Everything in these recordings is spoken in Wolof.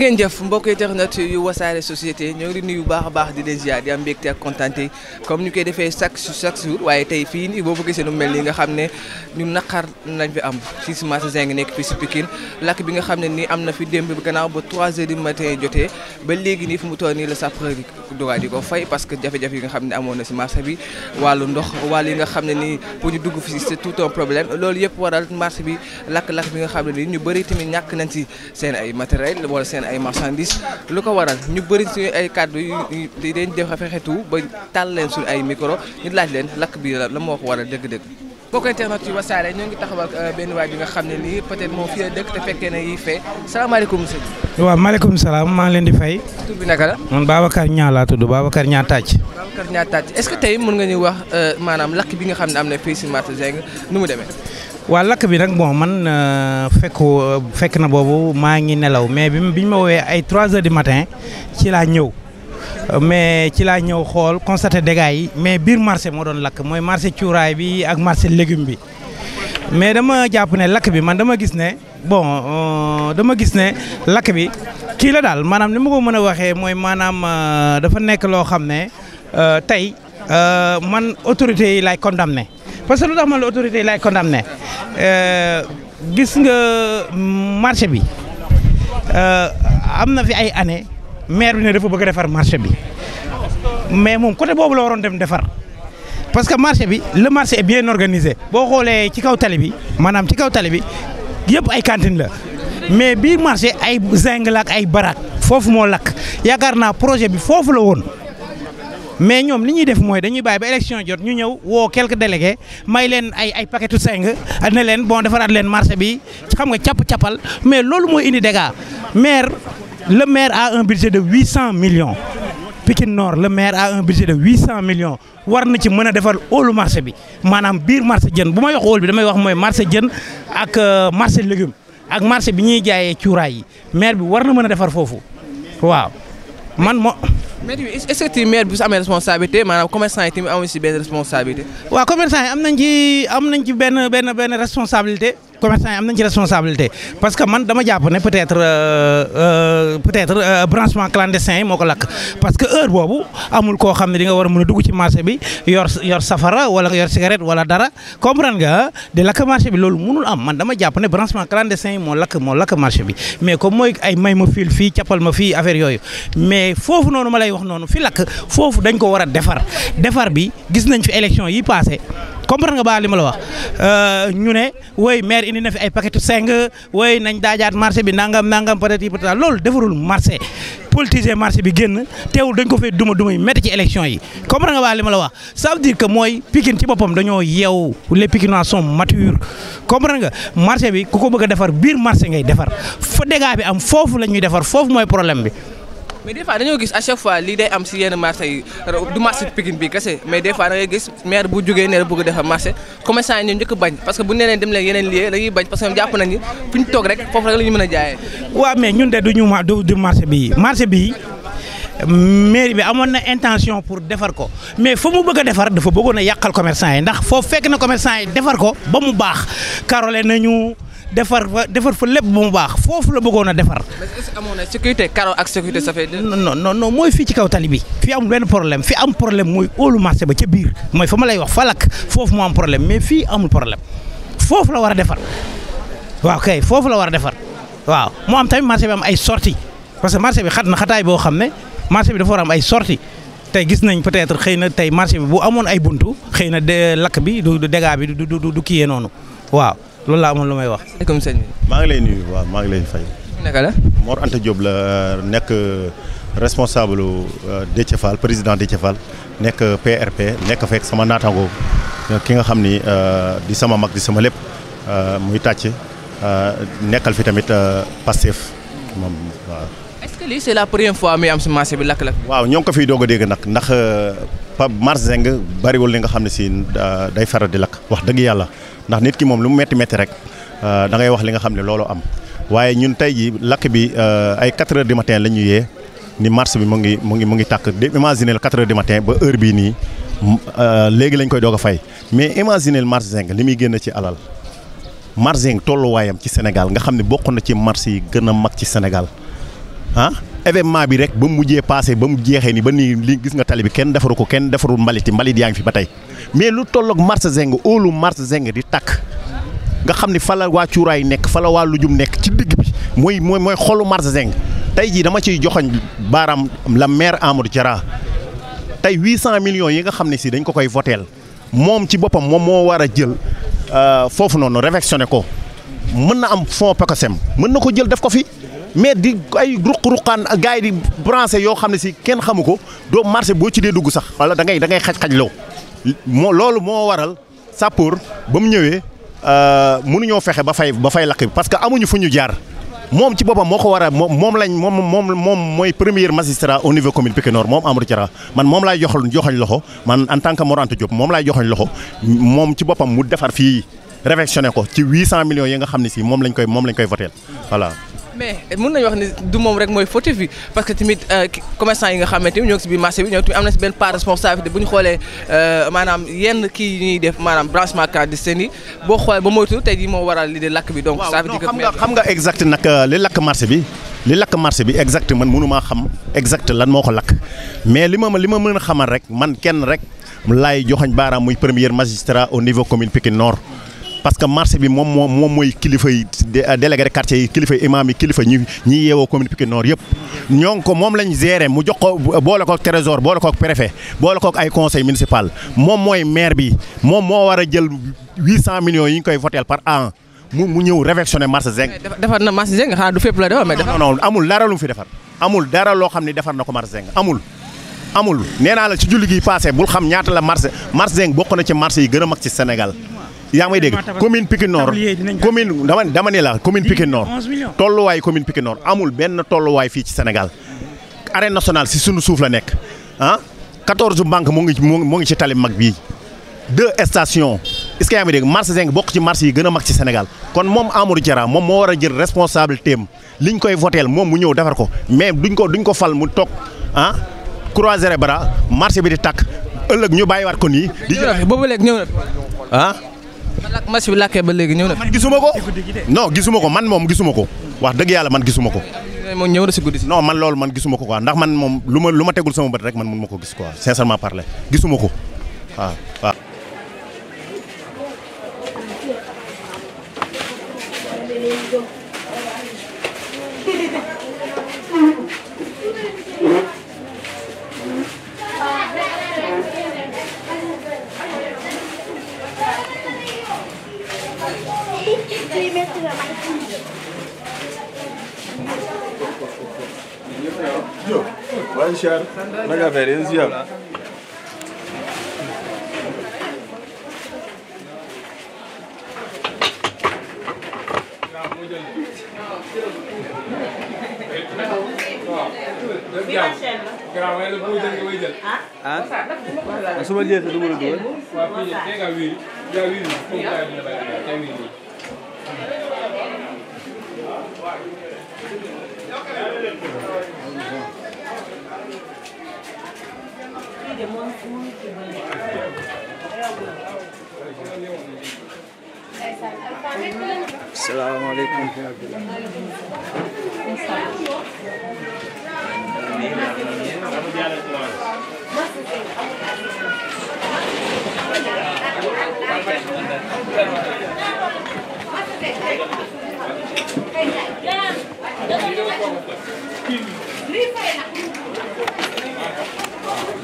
jërë ngeen jëf mbokk internet yu wasaare société ñoo ngi di nuyu baax a baax di leen ziar di am mbégte ak kontaante comme ñu koy defee chaque chaque jour waaye tey fii boo fa gisee nu mel nii nga xam ne ñu naqar lañ fi am ci semence zinc nekk fii si Pikine lakk bi nga xam ne nii am na fi démb gannaaw ba 3 heures du matin jotee ba léegi nii fu mu toll nii la sapeur amoon na si marché bi wàllu ndox wàll yi nga xam ne nii pour ñu dugg fi c'est tout un problème loolu yëpp waral marché bi lakk-lakk bi nga xam ne nii ñu bëri tamit ñàkk nañ ay marchandises lu ko waral ñu bëri suñu ay kàddu yu dañ def fexetu ba tàll leen suñu ay micro ñu laaj leen lakk bi la moo ko waral dëgg-dëgg. boo koy internet yi wasaare ñoo ngi taxaw euh, benn waay bi nga xam ne nii peut-être moo fi dëkk te fekkee ne yi fee salaamaaleykum sëñ bi. waaw maaleykum salaam maa ngi leen di fay. tur bi naka la. man Babacar Niang laa tudd Babacar Niang Tàcc. Babacar Niang Tàcc est-ce que tey mën nga ñu wax euh, maanaam lakk bi nga xam ne am na fii si Mate Zeng waa lakk bi nag bon man euh, fekku euh, fekk na boobu maa ngi nelaw mais bi ñu ma woowee ay trois heures du matin ci laa ñëw mais ci laa ñëw xool constaté dégâts yi mais biir marché moo doon lakk mooy marché cuuraay bi ak marché légume bi mais dama jàpp ne lakk bi man dama gis ne bon euh, dama gis ne lakk bi kii la daal maanaam ni ma ko mën a waxee mooy maanaam dafa nekk loo xam ne tey. Euh, man autorité yi laay condamné parce que lu tax man la autorité yi laay condamné euh, gis nga marché bi euh, am na fi ay années maire bi ne dafa bëgg a defar marché bi mais moom côté boobu la waroon dem defar parce que marché bi la marché est bien organisé boo xoolee ci kaw tali bi maanaam ci kaw tali bi yëpp ay cantine la mais bi marché ay zinc la ay barak foofu moo lakk yaakaar naa projet bi foofu la woon. mais ñoom li ñuy def mooy dañuy bàyyi ba élection jot ñu ñëw woo quelques délégués may leen ay ay paquetu seng ne leen bon defaraat leen marché bi xam nga capp capal mais loolu mooy indi dégâts maire le maire a un budget de huit cent millions. Pikine Nord le maire a de huit cent millions war na ci mën a defar óolu marché bi maanaam biir marché jën bu may wax óol bi damay wax mooy marché jën ak euh, marché légumes ak marché bi ñuy jaayee cuuraay yi maire bi war na mën a defar foofu waaw. man moo. mais est-ce que maire bi su amee responsabilité maanaam commerçant yi tamit amuñu si benn responsabilité. waaw commerçant yi am nañ ci am nañ ci benn benn benn responsabilité. commerçant am nañ ci responsabilité parce que man dama jàpp ne peut-être euh, euh, peut-être euh, branchement clandestin yi moo ko lakk parce que heure boobu amul koo xam ne di nga war a a dugg ci marché bi yor yor safara wala yor cigarette wala dara comprendre nga ah? di lakk marché bi loolu mënul am man dama jàpp ne branchement clandestin yi moo lakk moo lakk marché bi mais comme mooy ay may ma fiil fii cappal ma fii affaire yooyu mais foofu noonu ma lay wax noonu fii lakk foofu dañ ko war a defar defar bi gis nañ fi élection yi passé comprendre nga baa li ma la wax euh, ñu ne woy maire indi na fi ay paquetu seng woy nañ daajaat marché bi nangam nangam peut-être yi peut-être loolu defarul marché politiser marché bi génn teewul dañ ko fay duma duma yi métti ci élection yi comprendre nga baax li ma la wax ça veut dire que mooy Pikine ci boppam dañoo yeewu les Pikinois sont matures comprendre nga marché bi ku ko bëgg defar biir marché ngay defar fo dégâts bi am foofu la ñuy defar foofu mooy problème bi mais des fois dañoo gis à chaque fois lii day am si yenn marché du marché Pikine bi kese mais des fois gis maire bu jógee ne la defar marché commerçant yi ñoom bañ parce que bu ñu nee dem leen yeneen lieu dañuy bañ parce que ñoom jàpp nañu fi ñu toog rek foofu rek la ñu mën waaw mais ñun de du ñu bii marché bii mairie bi amoon na intention pour defar ko mais fa mu bëgg defar dafa bëggoon a yàqal commerçant yi ndax foofu fekk na commerçant yi defar ko ba mu baax karole defar fa defar fa lépp bu mu baax foofu la bëggoon a defar. mais est amoon na sécurité caro ak sécurité ça fait. non mooy fii ci kaw tali bi. fi amul benn problème fi am problème mooy óolu marché ba ca biir mooy fa ma lay wax fa falak foofu moo am problème mais fii amul problème foofu la war a defar waaw kay foofu la war a defar waaw moo am tamit marché bi am ay sortie parce que marché bi xat na xataay boo xam ne marché bi dafa war am ay sorti tey gis nañ peut-être xëy na tey marché bi bu amoon ay buntu xëy na de lakk bi du dégâts bi du du du kiyee noonu waaw. loolu laa amoon lu may wax. asalaamaaleykum sëñ bi. maa ngi lay nuyu waaw maa ngi lay fay. naka la. Mor Anta Diop la euh, nekk euh, responsable euh, Déthié président Déthié Fall nekk PRP nekk fekk sama naataango ki nga xam ni di sama mag di sama lépp muy tàcc nekkal fi tamit Pastef moom waaw. est-ce que lii c'est la première fois muy am si marché bi lakk-lakk. waaw ñoo ngi ko fii doog dégg nag ndax. Pape Mars Zeng bariwul li nga xam ne si euh, day faral di lakk wax dëgg yàlla ndax nit ki moom lu mu metti métti rek euh, da ngay wax li nga xam ne loolu am waaye ñun tey ji lakk bi euh, ay 4 heures du matin la ñu yee ni mars bi mu ngi mu ngi mu ngi tàkk de imaginer le 4 heures matin ba heure bii nii léegi lañ koy doog a fay mais imaginer Mars Zeng li muy génn ci alal Mars Zeng tolluwaayam ci Sénégal nga xam ne bokk na ci mars yi gën a mag ci Sénégal ah? événement bi rek ba mu mujjee passé ba mu jeexee ni ba nii li gis nga tali bi kenn defaru ko kenn defarul mbalit yi mbalit yaa ngi fi ba tey mais lu tolloog marché Zeng oolu marché Zeng di takk nga xam ni falal la waa cuuraay nekk fa la waa lujum nekk ci digg bi mooy mooy mooy xolu marché Zeng tey jii dama ciy joxoñ baaraam la maire Amadou Diarra tey 800 millions yi nga xam ne si dañ ko koy voteel moom ci boppam moom moo war a jël euh, foofu noonu réfectionné ko mën na am fonds mën na ko jël def ko fi. mais di ay ruq-ruqaan gars yi di branché yoo xam ne si kenn xamu ko doo marché boo ci dee dugg sax wala da ngay da ngay xaj-xaj loo moo loolu moo waral sapeur ba mu ñëwee euh, mënuñoo fexe ba fay ba fay lakk bi parce que amuñu fu ñu jaar moom ci boppam moo ko war a moom moom lañ moom moom moom mooy premier magistrat au niveau commune Pikine Nord moom Amadou Diarra man moom laay joxal joxañ loxo man en tant que Mor Anta Diop moom laay joxañ loxo moom ci boppam mu defar fii réfectionné ko ci 800 millions yi nga xam ne si moom lañ koy moom lañ koy voteel voilà mais mën nañu wax ni du moom rek mooy fautif bi parce que tamit euh, commerçant yi nga xamante ni ñoo ngi si biir marché bi ñoom tamit am na si benn part responsabilité bu ñu xoolee euh, maanaam yenn kii ñuy def maanaam branchement clandestin yi boo xoolee ba moytu tey jii moo waral li de lakk bi. donc ça veut dire que xam nga xam nga exact nag euh, li lakk marché bi li lakk marché bi exact man mënu maa xam exact lan moo ko lakk mais li ma li ma mën a xamal rek man kenn rek laay joxoñ baaraam muy premier magistrat au commune Pikine Nord. parce que marché bi moom moo moom mooy kilifa yi euh, délégué de quartier yi kilifa imam yi kilifa ñi ñi yeewoo commune Pikine Nord yëpp ñoo ko moom lañ géré mu jox ko boole ko trésor boole ko préfet boole ko ay conseil municipal moom mooy maire bi moom moo war a jël huit cent millions yi ñu koy voté par an mu ñëw réfectionné marché Zeng. defar na marché Zeng xanaa du fépp la defar mais. non non amul dara lu fi defar amul dara loo xam ne defar na ko marché Zeng amul. amul nee naa la ci julli gi passé bul xam ñaata la marché marché Zeng bokk na ci marché yi gën a mag ci Sénégal. yaa ngi may dégg commune Pikine Nord commune dama dama ne la commune Pikine Nord tolluwaay commune Pikine Nord amul benn tolluwaay fii ci Sénégal arène national si sunu suuf la nekk ah 14 banques mu ngi mu ngi ci tali mag bii deux stations est-ce que yaa ngi dégg marché zinc bokk ci marché yi gën a mag ci Sénégal kon moom Amadou Diarra moom moo war a jël responsabilité am liñ koy voteel moom mu ñëw defar ko mais duñ ko duñ ko fal mu toog ah croiser les bras marché bi di takk ëllëg ñu bàyyiwaat ko nii. di jël na ah. match bi lakkee ba léegi ñëw na. man gisuma ko no gisuma ko man moom gisuma ko wax dëgg yàlla man gisuma ko. moom ñëw na si guddi si. non man loolu man gisuma ko quoi ndax man moom lu ma lu ma tegul sama bët rek man mun ma ko gis quoi sincèrement parler gisuma ko waaw waaw. Diop waaye Cheikh naka affaire yéen ziar ah su ma jeexee du ma la dugal. waaw one food to the السلام عليكم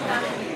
Thank you.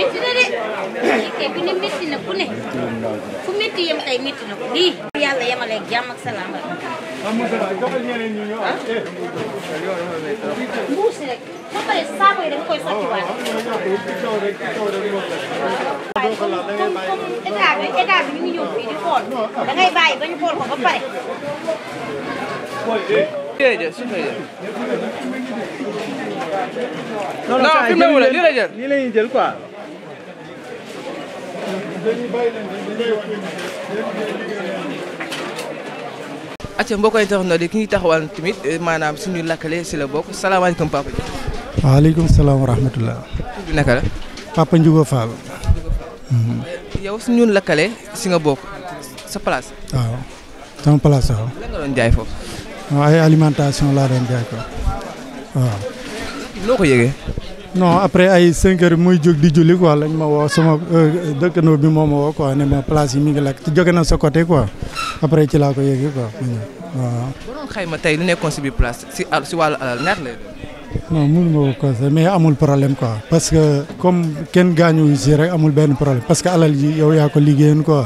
métti na de fekkee bu ne métti na ku ne fu métti yem tey métti na ko lii yàlla yemaleeg jàmm ak salaam rek mbuus rek ba pare saako yi dañ koy sottiwaat waaye comme comme état bi état bi ñu ngi ñëw fii di xool da ngay bàyyi ba ñu xool ko ba pare non non fi mu ne wala lii la jël lii la ñuy jël quoi acca mbokk internet yi ki ñuy taxawal tamit eh, maanaam suñu lakkale si la bokk salaamaaleykum papa. waaleykum salaam wa rahmatulah. tudd naka la. papa Ndiouga Fall. Mhm. yow suñu lakkale si nga bokk sa place. waaw sama place waaw. lan nga doon ay alimentation laa doon jaay ko waaw. noo ko yëgee. non après ay 5 heures muy jóg di julli quoi lañ ma woo sama euh, dëkkandoo bi moo ma woo quoi ne ma place yi mi ngi lakk joge na sa côté quoi après ci laa ko yëgee quoi waaw. bu doon xayma tey lu nekkoon si bi place si ah, si wàllu alal ñaar lay non mënu ma ko conseillé mais amul problème quoi parce que comme kenn gaañu si rek amul benn problème parce que alal ji yow yaa ko liggéeyoon ko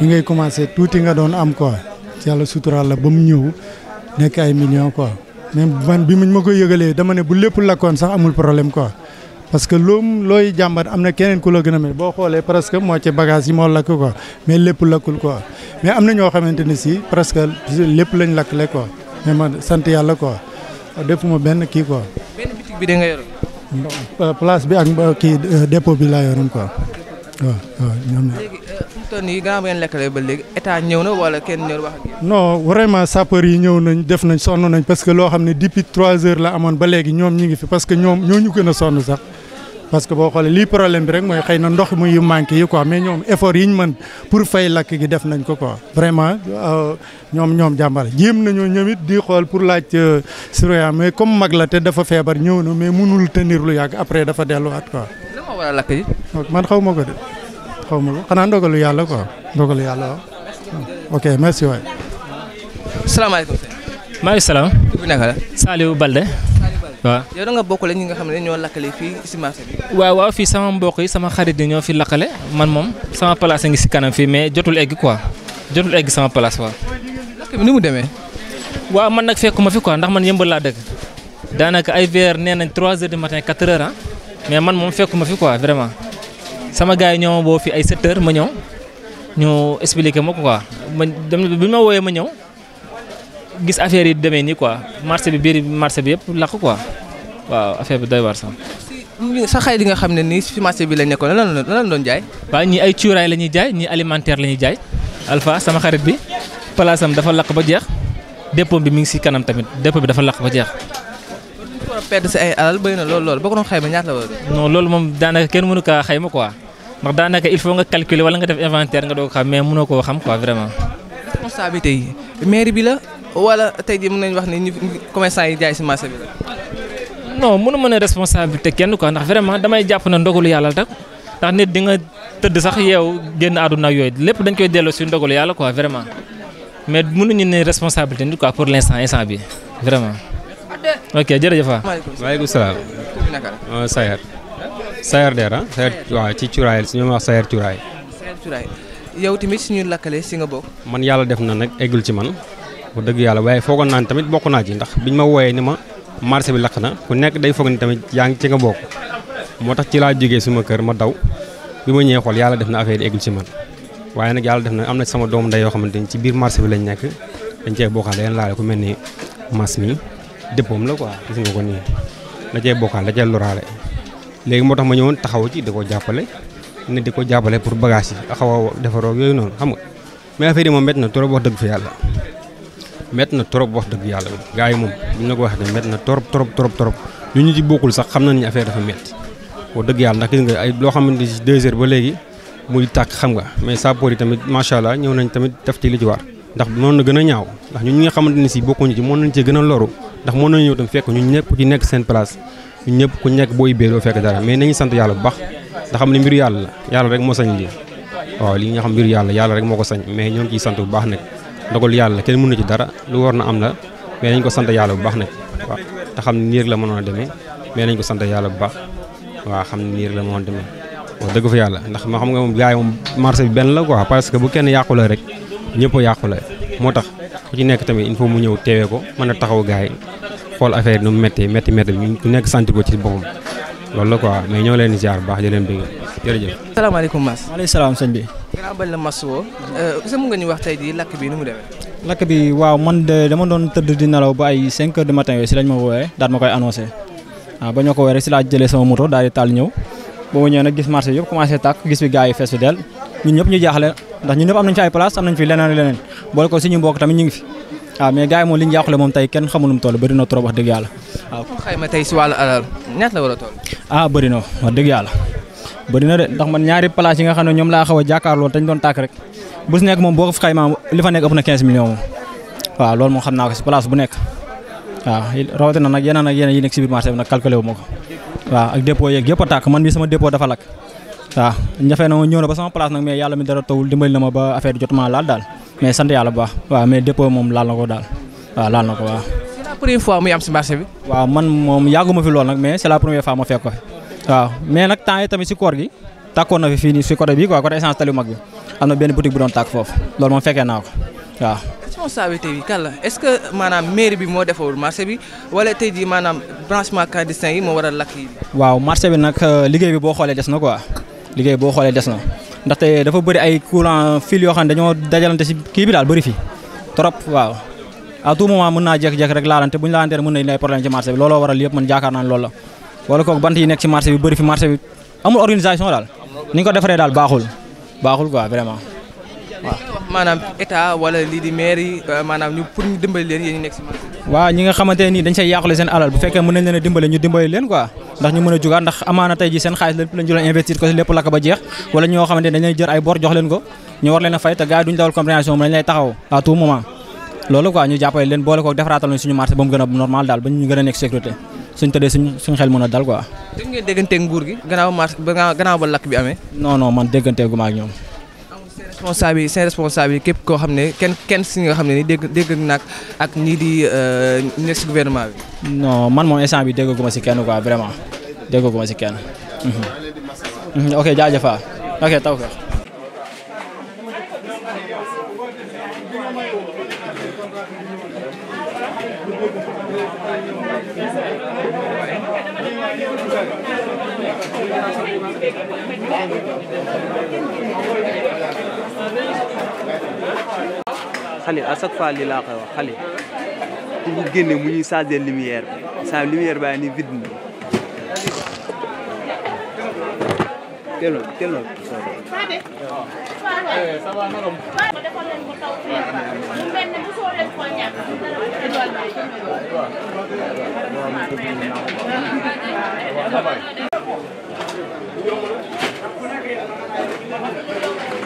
bi ngay commencé tuuti nga doon am quoi yàlla suturaal la ba mu ñëw nekk ay millions quoi. mais man bi ñu ma ko yëgalee dama ne bu lépp lakkoon sax amul problème quoi parce que loom looy jàmbat am na keneen ku la boo xoolee presque moo ci bagage yi moo lakk ko mais lépp lakkul quoi mais am na ñoo xamante ne si presque lépp lañ lakkle quoi mais ma sant yàlla quoi defuma benn kii quoi. benn bi place bi ak euh, kii euh, dépôt bi laa yoroon quoi waaw toll nii gannaaw ngeen lekkale ba léegi état ñëw na wala kenn ñëw wax ak non yi ñëw nañ def nañ sonn nañ parce que loo xam ne depuis trois heures la amoon ba léegi ñoom ñi ngi fi parce que ñoom ñoo ñu gën a sonn sax parce que boo xoolee lii problème bi rek mooy xëy na ndox muy yu manqué yi quoi mais ñoom effort yi ñu man pour fay lakk gi def nañ ko quoi. vraiment euh, ñoom ñoom jàmbale jéem nañoo ñoom it di xool pour laaj euh, surveillant mais comme mag la te dafa feebar ñëw na mais mënul tenir lu yàgg après dafa delluwaat quoi. lan moo waral man xaw ma ko xaw ma xanaa ndogalu yàlla quoi ndogalu yàlla waaw. ok merci waay. salaamaaleykum. maaleykum salaam. tur bi la. Saliou Balde. waaw yow da nga bokkale ñi nga xam ne ñoo lakkale fii si marché bi. waaw fii sama mboq yi sama xarit yi ñoo fi lakkale man moom sama place ngi si kanam fii mais jotul egg quoi jotul egg sama place waaw. lakk ni mu demee. waaw man nag fekkuma fi quoi ndax man yëmbal laa dëkk daanaka ay vers nee nañ 3 heures du matin 4 heures ah mais man moom fekkuma fi quoi vraiment. sama gars yi ñoo boo fi ay 7 heures ma ñëw ñu expliqué ma ko quoi bi ma wooyee ma ñëw gis affaire yi demee nii quoi marché bi biir marché bi yëpp lakk quoi waaw affaire bi doy waar sax. sa xay li nga xam ne nii si marché bi lañ nekkoon lan doon jaay. waaw ñii ay cuuraay la ñuy jaay ñii alimentaire la ñuy jaay. Alpha sama xarit bi place dafa lakk ba jeex dépôt bi mu ngi si kanam tamit dépôt bi dafa lakk ba jeex. pour perte si lool lool boo ko doon xayma ñaata la woon. non loolu moom ndax daanaka il faut nga calculer wala nga def inventaire nga doog xam mais mënoo koo xam quoi vraiment. responsabilité yi mairie bi la wala tey jii mën nañu wax ne ñu commerçant yi jaay si marché bi la. non mënu ma ne te kenn quoi ndax vraiment damay jàpp na ndogalu yàlla rek ndax nit di nga tëdd sax yow génn àdduna ak yooyu lépp dañ koy delloo si ndogalu yàlla quoi vraiment mais mënuñu ne responsabilité nit quoi pour l' instant instant bi vraiment. ok jërëjëf waay. maaleykum salaam. Sayer ah Sayer waaw ci cuuraay la si ñoom wax Sayer cuuraay. yow tamit suñu lakkale si nga bokk. man yàlla def na nag eggul ci man bu dëgg yàlla waaye foogoon naa ni tamit bokk naa ci ndax biñ ma wooyee ni ma marché bi lakk na ku nekk day foog ni tamit yaa ngi ci nga bokk moo tax ci laa jógee suma kër ma daw bi ma ñëwee xool yàlla def na affaire yi eggul ci man waaye nag yàlla def na am na sama doomu ndey yoo xamante ni ci biir marché bi lañu nekk dañ cee bokkaale leen laale ku mel ni mas mi dépôt la ko nii da cee bokkaale da cee loraale léegi moo tax ma ñëwoon taxaw ci di ko jàppale ne di ko jàppale pour bagage yi xaw a defaroo yooyu noonu xam nga mais affaire yi moom métti na trop wax dëgg fa yàlla métti na trop wax dëgg yàlla gars yi moom buñ la ko waxee ne métti na trop trop trop trop ñu ñu ci bokkul sax xam nañ ne affaire dafa métti wax dëgg yàlla ndax gis nga ay loo xamante ni si deux ba léegi muy tàkk xam nga mais sapeurs yi tamit macha allah ñëw nañ tamit def ci li ci war ndax noonu la a ñaaw ndax ñun ñi nga xamante ne si bokkuñu ci mën nañ ci gën a loru ndax mën nañ ñëw tam fekk ñun ñëpp ci nekk seen place ñëpp ku nekk boo yibbee doo fekk dara mais nañu sant yàlla bu baax te xam ne mbiru yàlla yàlla rek moo sañ lii waaw li nga xam mbiru yàlla yàlla rek moo ko sañ mais ñoo ngi sant bu baax nag ndogal yàlla kenn mënu ci dara lu war na am la mais nañ ko sant yàlla bu baax nag te xam ne nii la mënoon a demee mais nañ ko sant yàlla bu baax waaw xam ne nii rek la mënoon a demee dëgg fa yàlla ndax ma xam nga moom gars yi moom bi benn la ko parce que bu kenn yàqula rek ñëpp a yàqula moo tax ku ci nekk tamit il faut mu ñëw teewee ko mën a taxaw gars yi xool affaire yi nu mu métti métti bi ku nekk sant ci boppam loolu la quoi mais ñoo leen di baax di leen bëgg jërëjëf. bi. gannaaw bañ euh, lakk bi waaw man de dama doon tëdd di nelaw ba ay 5 heures du matin yooyu si lañ ma woowee daal ma koy annoncé waaw ah, ba ñoo ko woowee rek si laa jëlee sama moto daal di taal ñëw ba ma ñëw nag gis marché yëpp commencé tàkk gis bi gars yi fees fi del ñun ñëpp ñu jaaxle ndax ñun ñëpp am nañ fi ay place am nañ fi leneen leneen boole ñu ngi fi waaw ah, mais gars yi moom li ñu jaaxle moom tey kenn xamul nu mu trop wax dëgg yàlla waaw. Ah, xayma tey euh, a toll. ah bëri na wax dëgg yàlla bëri na de ndax man ñaari place yi nga xam ne ñoom laa xaw a jàkkaarloo te ñu doon tàkk rek bu si nekk moom boo ko xaymaa li fa nekk ëpp na 15 waaw loolu moom xam naa ko si place bu nekk waaw rawatina nag yeneen ak yeneen yi nekk si biir marché bi nag calculé ko waaw ak dépôt yeeg yëpp tàkk man mii sama dépôt dafa lakk waaw ñafe na ma ñëw laal daal mais sant yàlla bu baax waaw mais dépôt moom laal na ko daal waaw laal na ko waaw. bi. waaw man moom yàgguma fi lool nag mais c'est première fois ma fekk ko fi waaw mais nag temps yi tamit si koor gi tàkkoon na fi fii nii si côté bi quoi côté essence tali mag bi am na benn boutique bu doon tàkk foofu loolu moom fekkee naa ko waaw. responsabilité bi kan la bi moo defawul marché bi wala waaw euh, liggéey bi boo xoolee des na quoi liggéey boo xoolee des na. ndaxte dafa bëri ay courant fil yoo xam ne dañoo dajalante si kii bi daal bëri fi trop waaw à tout mën naa jékki-jékki rek laalante bu ñu laalante mën na indi ay problème ci marché bi looloo waral yëpp man jaakaar naa ne loolu la wala kooku bant yi nekk ci marché bi bëri fi marché bi amul organisation daal ni ñu ko defaree daal baaxul baaxul quoi vraiment waaw. maanaam état wala lii di maire yi euh, maanaam ñu pour ñu dimbali leen yéen ñu nekk ci marché bi. waaw ñi xamante ne nii dañ say yàqule seen alal bu fekkee mën leen a ndax ñu mën a jugaat ndax amaana tey ji seen xaalis lépp lañ jëloon investir ko si lépp lakk ba jeex wala ñoo xamante ne dañ jër ay bor jox leen ko ñu war leen a fay te gars yi duñ dawal compréhension dañ lay taxaw à tout loolu quoi ñu jàppale leen boole ko defaraatal ñu suñu marché ba mu gën a normal daal ba ñu gën a nekk sécurité suñ tëddee suñ suñ xel mën a dal quoi. dégg ngeen nguur gi gannaaw marché gannaaw ba lakk bi amee. non non man dégganteegu ma ak ñoom responsable yi seen responsable yi képp koo xam ne kenn kenn si nga xam ne ni dégg dégg nag ak nii di euh, nekk si bi. non man moom instant bi déggaguma si kenn quoi vraiment déggaguma si kenn. Mhm. Mhm. ok jaajëfaa ok taw feex. Thank you. xale à chaque fois laa koy ku ko génne mu ñuy changer lumière bi saa lumière ni vide na teeloon teeloon Thank you.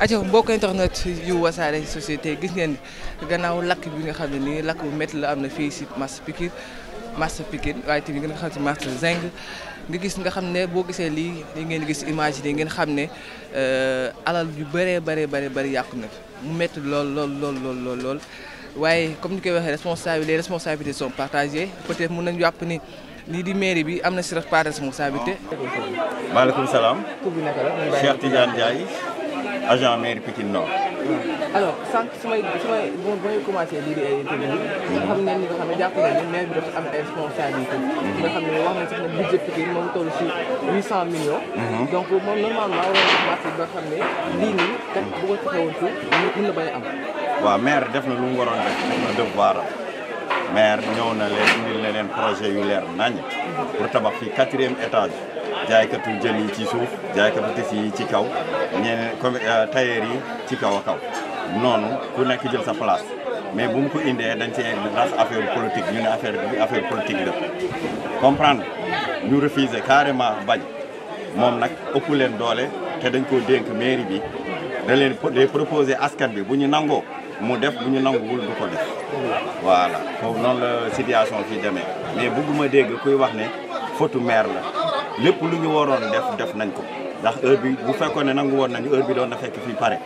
aco mbokk internet yu wasaare société gis ngeen gannaaw lakk bi nga xam ne nii lakk bu métti la am na fii si marché Pikine marché Pikine waaye tamit nga xam si marché Zinc nga gis nga xam ne boo gisee lii li ngeen gis image yi ngeen xam ne euh, alal yu bëree bëree bëri bëri yàqu na mu métti lool lool lool lool lool lool waaye comme ni koy waxee responsabilité les responsabilités sont partagées peut-être mun nañu jàpp ni lii di mairie bi am na si part de responsabilité. maaleykum salaam. Cheikh Tidiane Ndiaye. agent maire Pikine Nord. alors sànq su may su may bu commencé lii di ay interview xam ngeen ñi nga xam ne jàpp nañ xam ne wax ne budget moom toll si huit cent millions mhm. donc moom normalement waroon na commencé ba xam ne lii nii kat bu ko taxawoon tuut mën na bañ a am waaw maire def na lu mu waroon def def na na leen indil leen projet yu leer nañ pour tabax fii quatrième étage jaaykatu jën yi ci suuf jaaykatu tis yi ci kaw ñeneen comme euh, tailleur ci kaw a noonu ku nekk jël sa place mais bu mu ko indee dañ ci nas affaire politique ñu ne affaire bi affaire politique la comprendre ñu refuser carrément bañ moom nag ëpp leen doole te dañ koo dénk mairie bi da leen day proposer askan bi bu ñu nangoo mu def bu ñu nanguwul du ko def voilà foofu noonu la situation fi demee mais bëgguma dégg kuy wax ne faute maire la lépp lu ñu waroon def def nañ ko ndax heure bi bu fekkoon ne nangu woon nañu heure bi doon na fekk fii pare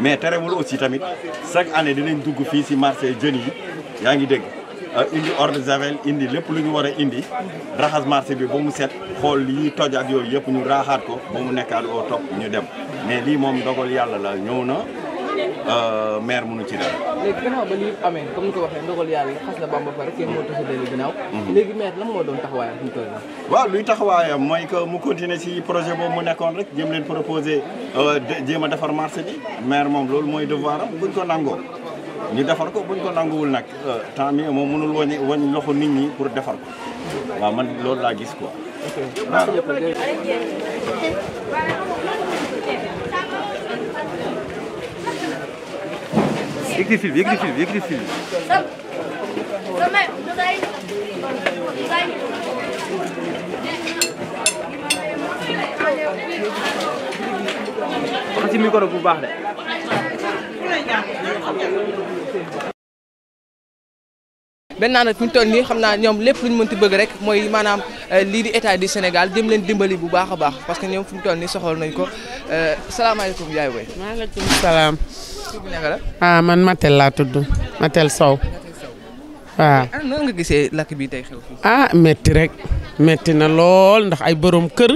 mais terewul aussi tamit chaque année dinañ dugg fii si marché jën yi yaa ngi dégg euh, indi eau de javel indi lépp lu ñu war a indi raxas marché bi ba mu set xool li ñuy yooyu yëpp ñu raaxaat ko ba mu nekkaat au top ñu dem mais lii moom dogal yàlla la ñëw na Euh, maire mënu ci dara. léegi gannaaw ba lii amee comme ko waxee ndogal yàlla na moo a dellu ginnaaw. Mhm. léegi maire lan moo doon taxawaayam fi waaw luy taxawaayam mooy que mu continuer si projet boobu mu nekkoon rek jéem leen proposé euh, jéem a defar marché bi maire moom loolu mooy devoir am buñ ko nangoo. ñu defar ko buñ ko nanguwul nag euh, temps mi moom mënul wañ wañ loxo nit ñi pour defar ko waaw man loolu laa gis ko Wirklich viel, wirklich bu baax de. benn naa nag fi nii xam naa ñoom lépp lu ñu mënti bëgg rek mooy maanaam euh, lii di état du Sénégal jëm leen dimbali bu baax a baax parce que ñoom fi mu toll nii soxal nañ ko euh, salaamaaleykum yaay booy. maaleykum salaam. ah man Matel laa tudd Matel Sow ah, lakk bi tey xew. ah metti rekk metti na lool ndax ay borom kër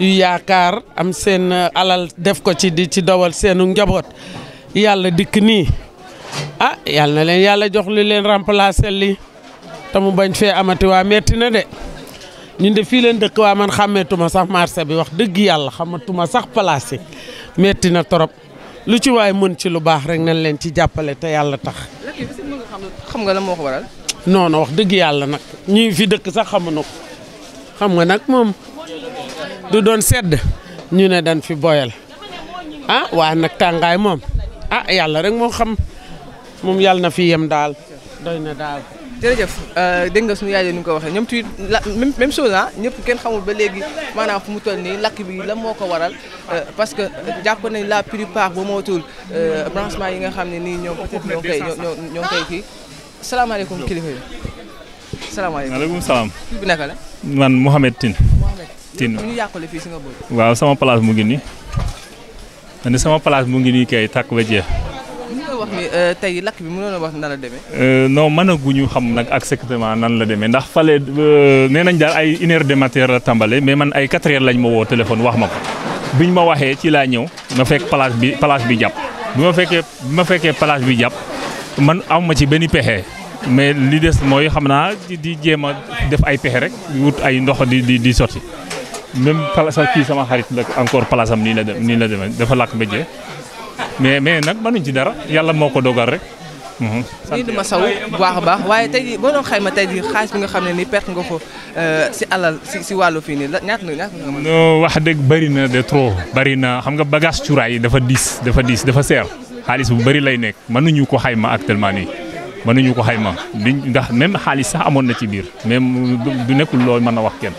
yu yaakaar am seen uh, alal def ko ci di ci dawal seenu njaboot yàlla dikk nii ah yàlla na leen yàlla jox li leen remplacer li te mu bañ fee amati waa metti na de. ñun de fii leen dëkk waa man xàmmeetuma sax marché bi wax dëgg yàlla xamatuma sax palaas yi metti na torop lu ci waay mën ci lu baax rek nañ leen ci jàppale te yàlla tax. xam nga lan moo ko waral. non wax dëgg yàlla nag ñi fi dëkk sax xamuñu ko xam nga nag moom du doon sedd ñu ne dañ fi boyal ah waa nag tàngaay moom ah yàlla rek moo xam moom yàlla na fi yem daal. jërëjëf euh, dégg nga suñu yaay ni nga ko waxee ñoom tuuti la même chose ah ñëpp kenn xamul ba léegi maanaam fu mu toll nii lakk bi la moo ko waral euh, parce que jàpp nañ la plupart ba mootul euh, branchement yi nga xam ne nii ñoom peut-être ñoo koy ñoo ñoo koy kii salaamaaleykum kilifa yi salaamaaleykum maaleykum salaam. tur bi naka la. man Mouhamed Tine. Mouhamed ñu yàqule fii si nga waaw sama place mu ngi nii. man sama place mu ngi nii kay tàkk ba jeex. mënoo wax ni euh, tey bi mënoo wax nan la demee. Euh, non mën a guñu xam nag ak exactement nan la demee ndax fale euh, nee nañ daal ay une heure matière la tàmbale mais man ay quatre heures lañ ma woo téléphone wax ma ko ñu ma waxee ci laa ñëw ma fekk place bi place bi jàpp bi ma fekkee bi ma fekkee place bi jàpp man am ma ci benn pexe. mais li des mooy xam naa di jéem a def ay pexe rek wut ay ndox di di di sotti même place kii sama xarit la encore place am nii la dem nii la demee dafa lakk mbéjee mais mais nag mënuñ ci dara yàlla moo ko dogal rek. Mhm. lii di ma saw bu baax a baax waaye tey jii boo doon xayma tey jii xaalis bi nga xam ne nii perte nga ko euh, si alal si si wàllu fii nii la ñaata nga wax dëgg bëri na de trop bëri na xam nga bagage cuuraay yi dafa diis dafa diis dafa seer xaalis bu bëri lay nekk mënuñu ko xayma actuellement nii mënuñu ko xayma biñ ndax même xaalis sax amoon na ci biir même du nekkul loolu mën a wax kenn.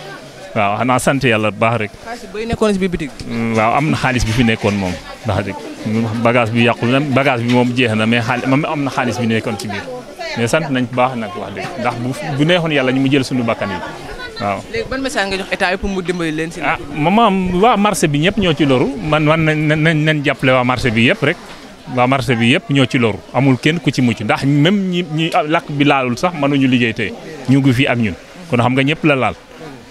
waaw xanaa sant yàlla bu baax rek. xaalis bay nekkoon si mm, waaw am na xaalis bi fi nekkoon moom ndax rek mm, bagage bi yàqu na bagage bi moom jeex na mais xaalis moom am na xaalis bi nekkoon ci biir ma sant nañ bu baax nag wax dëgg ndax bu bu neexoon yàlla ñu mu jël suñu bakkan yi waaw. léegi ban message nga jox état leen si. ah maman waa marché bi ñëpp ñoo ci loru man man nañ nañ jàppale waa marché bi yëpp rek. waa marché bi yëpp ñoo ci loru amul kenn ku ci mucc ndax même ñi ñi lakk bi laalul sax mënuñu liggéey tey ñu ngi fi ak ñun kon xam nga ñëpp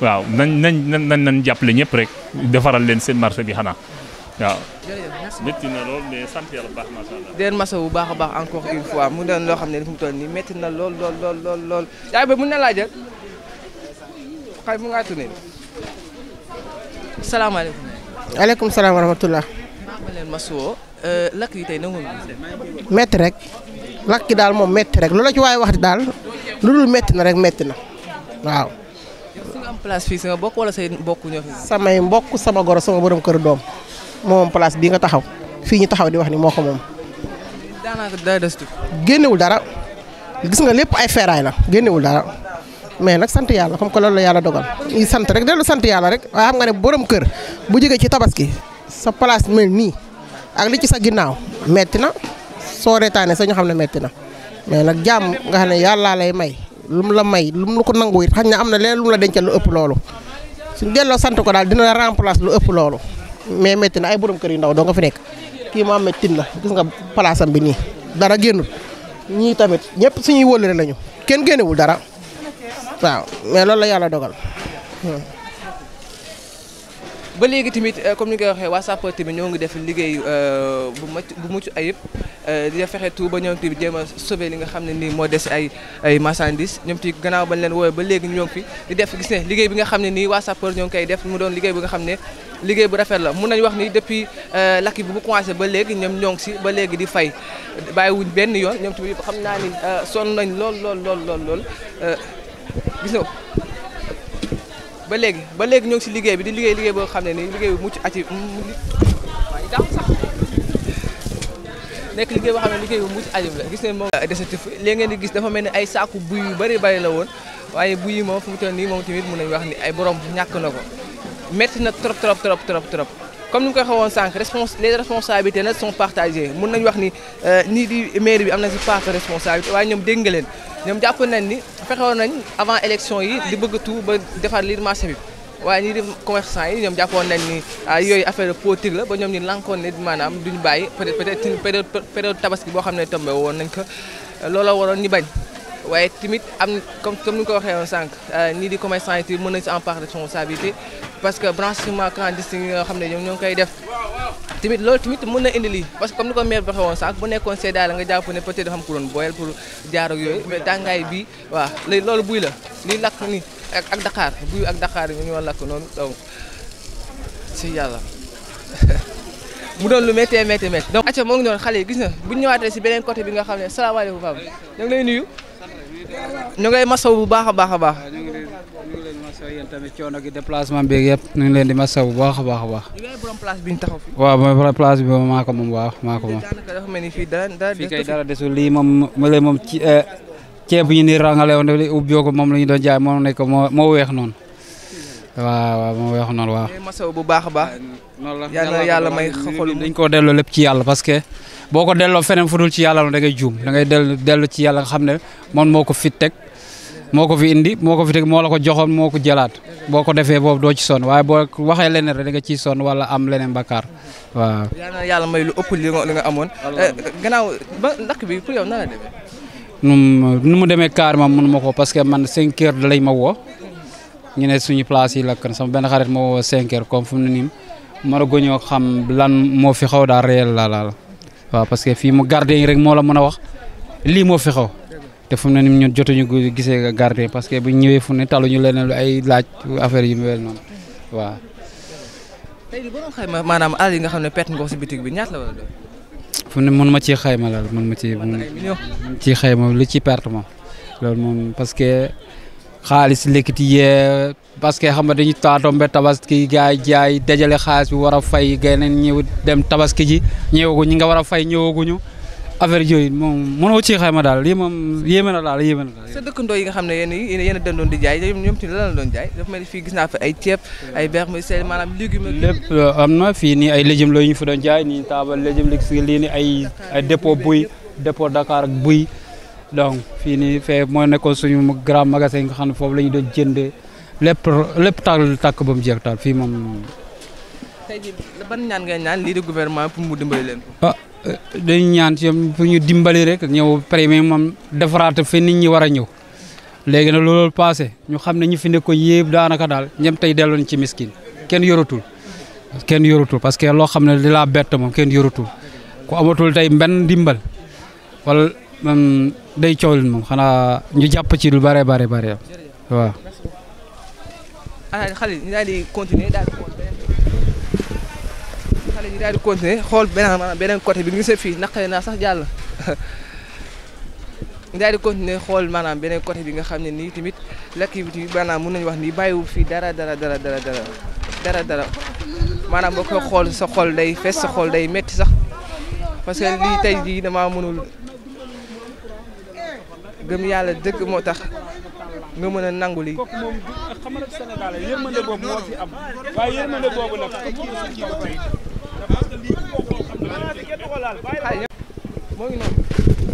waaw nañ nañ nañ nañ jàppale ñëpp rek defaral leen seen marché bi xanaa waaw. na lool mais bu baax baax a mu doon loo xam ne dafa mu toll nii na lool lool lool lool lool. yaay na laa jël salaam wa rahmatulah. Euh, lakk yi tey nangu métti rek lakk yi daal moom metti rek loola ci waaye wax daal lu dul métti na rek metti na waaw. am place fii sama bokk samay mbokk sama goro sama borom kër doom moom place bii nga taxaw fii ñu taxaw di wax ni moo ko moom. daanaka day des tuuti. génnewul dara gis nga lépp ay feeraay la génnewul dara mais nag sant yàlla comme que loolu la yàlla dogal. ñuy sant rek dellu sant yàlla rek waaye xam nga ne borom kër bu jógee ci tabaski sa place mel nii ak li ci sa ginnaaw metti na soo reetaane sa ñu xam ne metti na mais nag jàmm nga xam ne yàlla lay may. lu mu la may lu mu la ko nangu it xañ na am na leen lu mu la dencal lu ëpp loolu suñ delloo sant ko daal dina la remplace lu ëpp loolu mais métti na ay borom kër yu ndaw doo nga fi nekk kii moo am métti la gis nga place am bi nii dara génnul ñii tamit ñëpp suñuy wëlëre lañu kenn génnewul dara waaw mais loolu la yàlla dogal. Hmm. ba léegi tamit euh, comme ni nga waxee waa sapeur tamit ñoo ngi def liggéey euh, bu mucc bu mucc ayib euh, di da fexe tout ba ñoom tamit dem a sauver li nga xam ne nii moo des ay ay marchandises ñoom ci gannaaw bañ leen woowee ba léegi ñoo ngi fi di def gis ne liggéey bi nga xam ne ni waa sapeur ñoo ngi koy def mu doon liggéey bi nga xam ne liggéey bu rafet la mun nañu wax ni depuis lakk bi bu commencé ba léegi ñoom ñoo ngi si ba léegi di fay bàyyiwuñ benn yoon ñoom tamit xam naa ni sonn nañ lool lool lool lool lool ba léegi ba léegi ñoo si liggéey bi di liggéey boo xam ne nii liggéey bu mucc ati waaye daaw sax nekk liggéey boo xam ne liggéey bu mucc ayib la gis ne moom desati léegi ngeen di gis dafa mel ni ay saaku buy yu bëri bari la woon waaye buy yi moom fu mu toll nii moom tamit mën nañu wax ni ay borom ñàkk na ko métti na trop trop trop trop trop comme ni mu ko waxee woon sànq respons les responsabilités nag sont partagées mun nañu wax ni euh, nii di maire bi am na si part de responsabilité waaye ñoom dégg nga leen ñoom jàpp nañ ni fexewoon nañ avant élection yi di bëgg tout ba defar liir marché bi waaye ñii di commerçant yi ñoom jàppoon nañ ni ah, yooyu affaire politique la ba ñoom ñu lankoon ne maanaam duñu bàyyi peut-être peut-être période période tabaski boo xam ne tombé woon nañ ko looloo waroon ñu bañ waaye tamit am comme comme ni ko waxee woon sànq ñii euh, di commerçant yi mën nañ si en responsabilité parce que branchement clandestin yi nga xam ne ñoo ngi koy def tamit loolu tamit mën na indi lii parce que comme ni ko maire bi waxee woon sax bu nekkoon seddaay la nga jàpp ne peut-être ak yooyu mais tàngaay bi waaw léegi loolu la liy lakk ni ak ak Dakar buy yàlla mu doon lu méttee méttee méttee donc moo ngi noonu xale yi gis na bu ñu ñëwaatee si beneen côté bi nga xam ne salaamaaleykum Pape ñu ngi lay nuyu ñu ngi lay bu baax a baax a baax soo yéen tamit coono gi déplacement beeg yëpp ñu ngi leen di massa bu baax a baax a baax. borom place bi ñu taxaw fi. waaw mooy borom place bi moom maa ko moom waaw maa ko moom. fii kay dara desul eh, moom la ñu doon jaay moo nekk moo moo weex noonu. waaw waaw moo weex noonu waaw. massa bu baax a baax. yàlla yàlla may xol dañ koo delloo lépp ci yàlla parce que boo ko delloo feneen fu ci yàlla da ngay juum da ngay ci yàlla xam ne moom moo ko fi teg moo ko fi indi moo ko fi teg moo la ko joxoon moo ko jëlaat boo ko defee boobu doo ci sonn waaye boo waxee leneen rek da nga ciy sonn wala am leneen bakkaar waaw. yàlla may lu ëpp li nga amoon. Eh, gannaaw ba lakk bi nu mu demee carrément mënu ma ko parce que man 5 heures da lay ma woo ñu ne suñu place yi lakk na sama benn xarit ma woo 5 heures comme fu mu ne nii mën a ñoo xam lan moo fi xaw daal réel la la waaw parce que fii mu gardé rek moo la mën a wax lii moo fi xaw. te fu mu ne ni ñun jotuñu gisee gardien parce que bu ñëwee fu ne talu ñu leneen lu ay laaj affaire yu mel noonu waaw. tey maanaam àll yi nga xam ne pet nga si bitig bi ñaata la war a doon. fu ma ci xayma la mën ma ci ci xayma lu ci perte moom loolu moom parce que xaalis lekkit yee parce que xam nga dañu taatoom ba tabaski gaay jaay dajale xaalis bi war a fay gay nañ ñëw dem tabaski ji ñëwaguñ ñi nga war a fay ñëwaguñu. affaire yooyu moom mënoo ci xayma daal lii moom yéeme na daal yéeme na daal. sa dëkkandoo yi nga xam ne yéen a yéen a doon di jaay ñoom tamit lan la doon jaay dafa mel ni fii gis naa fi ay ceeb euh, am na fii nii ay légumes la ñu fi doon jaay nii taabal légumes li si lii nii ay ay dépôt buy dépôt Dakar buy donc fii ni fee moo nekkoon suñu grand magasin nga xam ne foofu lañu doon jëndee lépp lépp taal takk ba mu jeex taal fii moom. tey jii ban ñaan ngay ñaan lii di gouvernement pour mu dimbali leen. Ah, dañu ñaan ci ñoom pour ñu dimbali rek ñëw premier defaraat fi nit ñi war a ñëw léegi nag loolu passé ñu xam ne ñu fi nekkoon yëpp daanaka daal ñoom tey delloon ci miskin kenn yoratul kenn yoratul parce que loo xam ne di laa bett moom kenn yoratul ko amatul tey mbenn dimbal wala mm, day coow moom xanaa ñu jàpp ci lu bare bare bare waaw. Ah, ñu daal di continuer xool beneen beneen côté bi nga gisee fii naqare naa sax jàll ñu xool maanaam beneen côté bi nga xam ne nii tamit lakk bi maanaam mën nañu wax nii bàyyiwu fii dara dara dara dara dara dara dara maanaam boo koy xool sa xool day fees sa xool day metti sax parce que lii tey jii damaa mënul gëm yàlla dëgg moo tax nga mën a nangu lii. fi am moo ngi noonu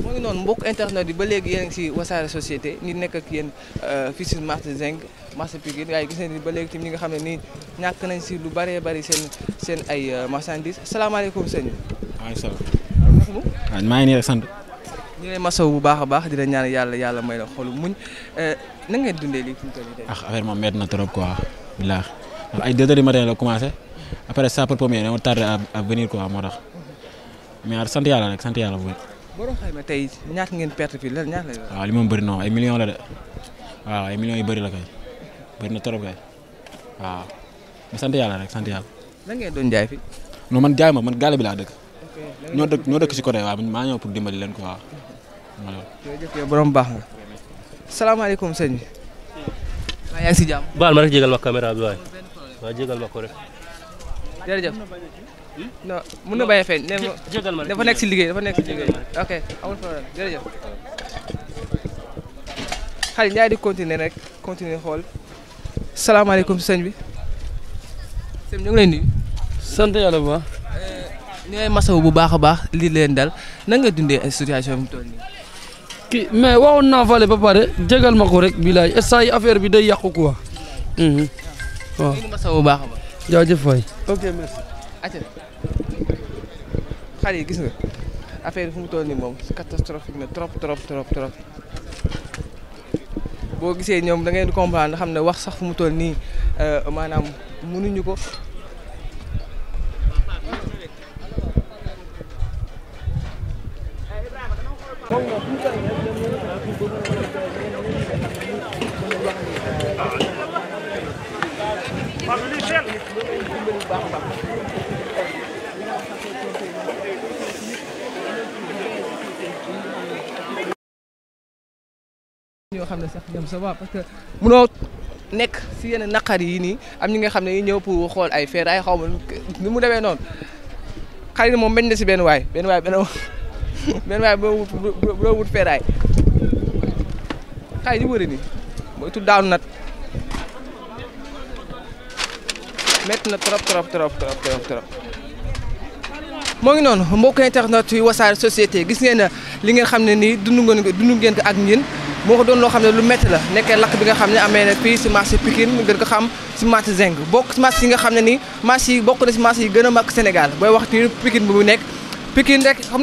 moo ngi noonu mbokk internet yi ba léegi yéen ngi si wasaare société ñu nekk ak yéen euh, fii si marché Zinc marché Pikine waaye gis ni ba léegi tamit nga xam ne nii ñàkk nañ si lu bëree bëri seen seen ay euh, marchandises salaamaaleykum sëñ bi. waaw ça ah, maa ngi nii rek sant. ñu lay bu baax a baax di la ñaan yàlla yàlla may la xolu muñ euh, na ngeen dundee lii fi mu toll nii. ah affaire moom métti na trop quoi. bilaa ay deux heures du matin la commencé après pour premier dama tardé à venir quoi moo tax. mais sant yàlla rek sant yàlla bu wér. boo tey ñaata ngeen perte fii la. waaw ah, li moom bari na ay millions la de waaw ay millions yu bari la kay bëri na trop kay waaw mais sant yàlla rek sant yàlla. lan ngeen doon jaay man jaay man gaale bi laa dëkk. ñoo dëkk ñoo dëkk si côté waaw maa ñëw pour dimbali leen ko jërëjëf yow borom baax nga. waaw si jàmm. baal ma rek jégal ma caméra bi waaye. waaw jégal ko non mën na bàyyi feeñ. dafa nekk liggéey dafa nekk si liggéey. ok amul problème jërëjëf. xale yi rek continuer xool. salaamaaleykum sëñ bi. sëñ bi ñu ngi lay nuyu. Euh, bu baax. a baax lii leen dal nan nga dundee situation bi mu toll nii. kii mais waxoon naa ba pare jégal ma ko rek bilaay affaire bi day yàqu quoi. Mm-hmm. waaw. baax xale yi gis nga affaire fu mu toll nii moom catastrophique na trop trop trop trop boo gisee ñoom da ngeen comprendre xam ne wax sax fu mu toll nii euh, maanaam mënuñu ko. recevoir parce que munoo nekk si yenn naqar yi nii am ñi nga xam ne yi ñëw pour xool ay feeraay xaw ma nu mu demee noon xëy na moom meñ na si benn waay benn waay benn benn waay boo wut boo wut feeraay xay di wëri ni mooy tu daanu nat métti na trop trop trop trop trop moo ngi noonu mbokk internet yi wasaare société gis ngeen li ngeen xam ne nii dund ngeen dund ngeen ak ñin moo ko doon loo xam ne lu mett la nekkee lakk bi nga xam ne amee na fii si marché Pikine gën ko xam si marché Zing bokk marché yi nga xam ne nii marché yi bokk na si marché yi gën a mag Sénégal booy wax ni Pikine bi mu nekk Pikine rek xam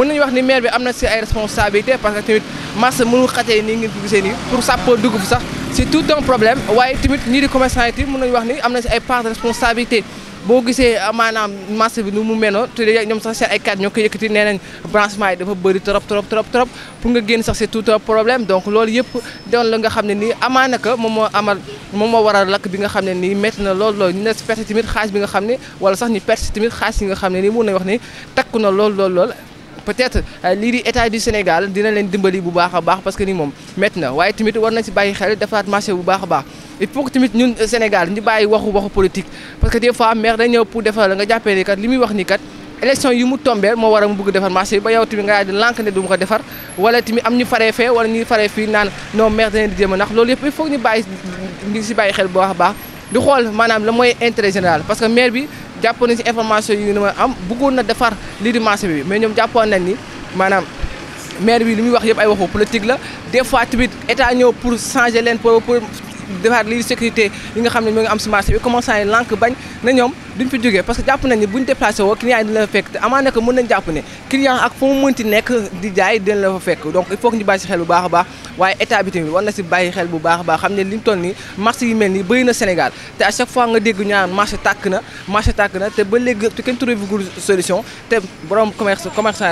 nga ni maire am na si ay responsabilités parce que tamit marché mënul xatee nii ngeen ko gisee nii pour sàppoo dugub sax c'est tout un problème waaye tamit ñii di commerçant yi mën nañu wax ni am na si ay part de responsabilité boo gisee ah, maanaam marché bi nu mu menoo te ñoom sax seen ay kat ñoo ko yëkkati nee nañ branchement yi dafa bëri trop trop trop trop pour nga génn sax c'est tout un problème donc loolu yëpp doon la nga xam ne nii amaana que moom moo amal moom moo waral lakk bi nga xam ne nii métti na lool lool ñu ne perte tamit xaalis bi nga xam ne wala sax ñu perte tamit xaalis yi nga xam ne nii mun nañ wax ni takku na lool lool lool peut-être euh, lii di état du Sénégal dina leen dimbali bu baax a baax parce que ni moom métti na waaye tamit war nañ si bàyyi xel defaat marché bu baax a baax il faut que ñun euh, Sénégal ñu bàyyi waxu waxu politique parce que des fois maire day ñëw pour defar la nga jàppee ni kat li muy wax ni kat élection yi mu tombé moo war a mu bëgg defar marché bi ba yow tamit nga yaa ne du ma ko defar wala tamit am ñu faree fee wala ñu faree fii naan non maire dana a ndax loolu yëpp il faut que ñu a baax di xool maanaam la mooy intérêt général parce jàpp nañ si information yi ma am bëggoon na defar lii di marché bi mais ñoom jàppoon nañ ni manaam maire bi li muy wax yëpp ay waxu politique la des fois tamit état ñëw pour changer leen pour pour defaat lii sécurité yi nga xam ne ñoo ngi am si marché bi commerçant yi lànk bañ na ñoom duñ fi jógee parce que jàpp nañ ne buñ déplacé woo dina la fa fekk jaay dina la fa fekk donc il faut que bàyyi si xel bu baax a baax waaye état bi tamit xam ne liñ toll ni marché yi mel ni bëri na Sénégal te à chaque fois nga dégg ñaan marché tàkk na marché tàkk na te ba léegi te kenn trouvé yi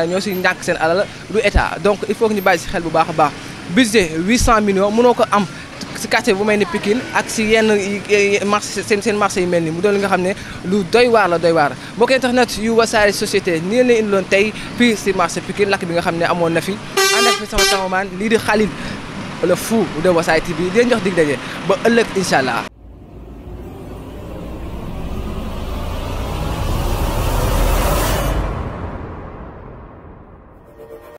ñoo si ñàkk seen alal du état donc il ko am si quartier bu may ne Pikine ak si yenn marché seen seen marché yu mel nii mu doon li nga xam ne lu doy waar la doy waar mbokk internet yu wasaare société nii la indiloon tey fii si marché Pikine lakk bi nga xam ne amoon na fi ànd ak fi sama cameraman lii di Khalil le fou de Wassare TV di leen jox dig daje ba ëllëg incha allah